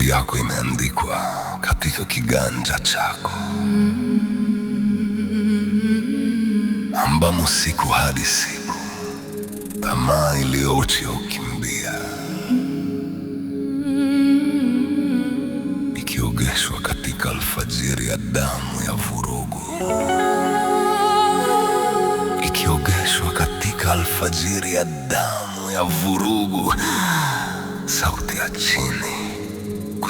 Maombi yako imeandikwa katika kiganja chako, ambamo siku hadi siku tamaa iliyote ukimbia, ikiogeshwa katika alfajiri ya damu ya vurugu, ikiogeshwa katika alfajiri ya damu ya vurugu, sauti ya chini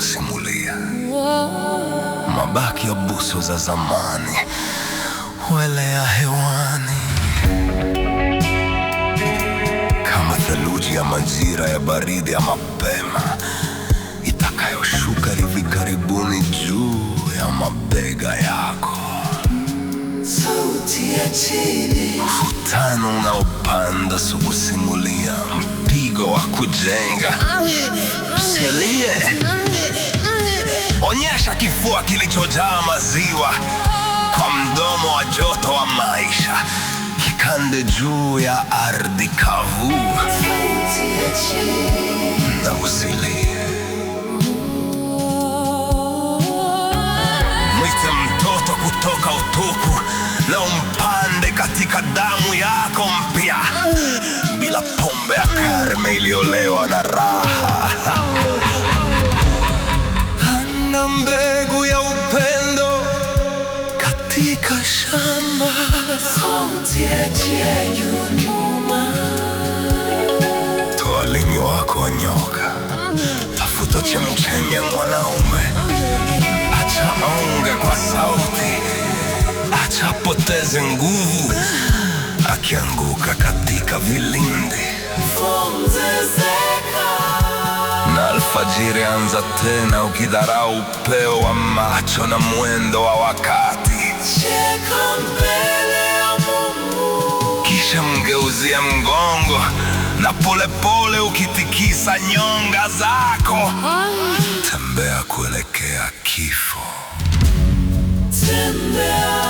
kumsimulia. Mabaki ya buso za zamani huelea hewani kama theluji ya majira ya baridi ya mapema itakayoshuka hivi karibuni juu ya mabega yako. Sauti ya chini, mvutano unaopanda sukusimulia mdogo wa kujenga. Usilie, onyesha kifua kilichojaa maziwa kwa mdomo wa joto wa maisha, kikande juu ya ardhi kavu na usilie waliolewa na raha. Hana mbegu ya upendo katika shamba, sauti wako nyoka, tafuta chemchemi mwanaume, acha aonge kwa sauti, acha poteze nguvu, akianguka katika vilindi na alfajiri anza tena, ukidharau upeo wa macho na mwendo wa wakati. Cheka mbele ya Mungu, kisha mgeuzia mgongo na polepole pole ukitikisa nyonga zako, tembea kuelekea kifo, tembea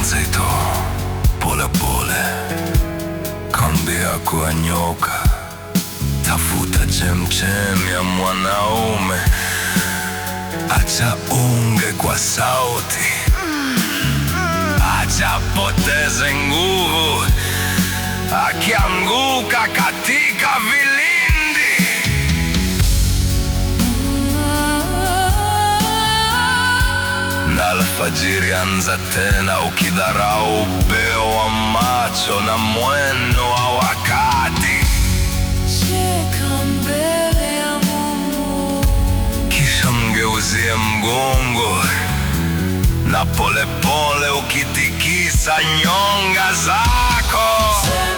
mzito pole pole, kambia kwa nyoka, tafuta chemchemi ya mwanaume, acha unge kwa sauti, acha poteze nguvu Alfajiri anza tena, ukidharau upeo wa macho na mweno wa wakati. Cheka mbele ya Mungu, kisha mgeuzie mgongo na polepole pole ukitikisa nyonga zako.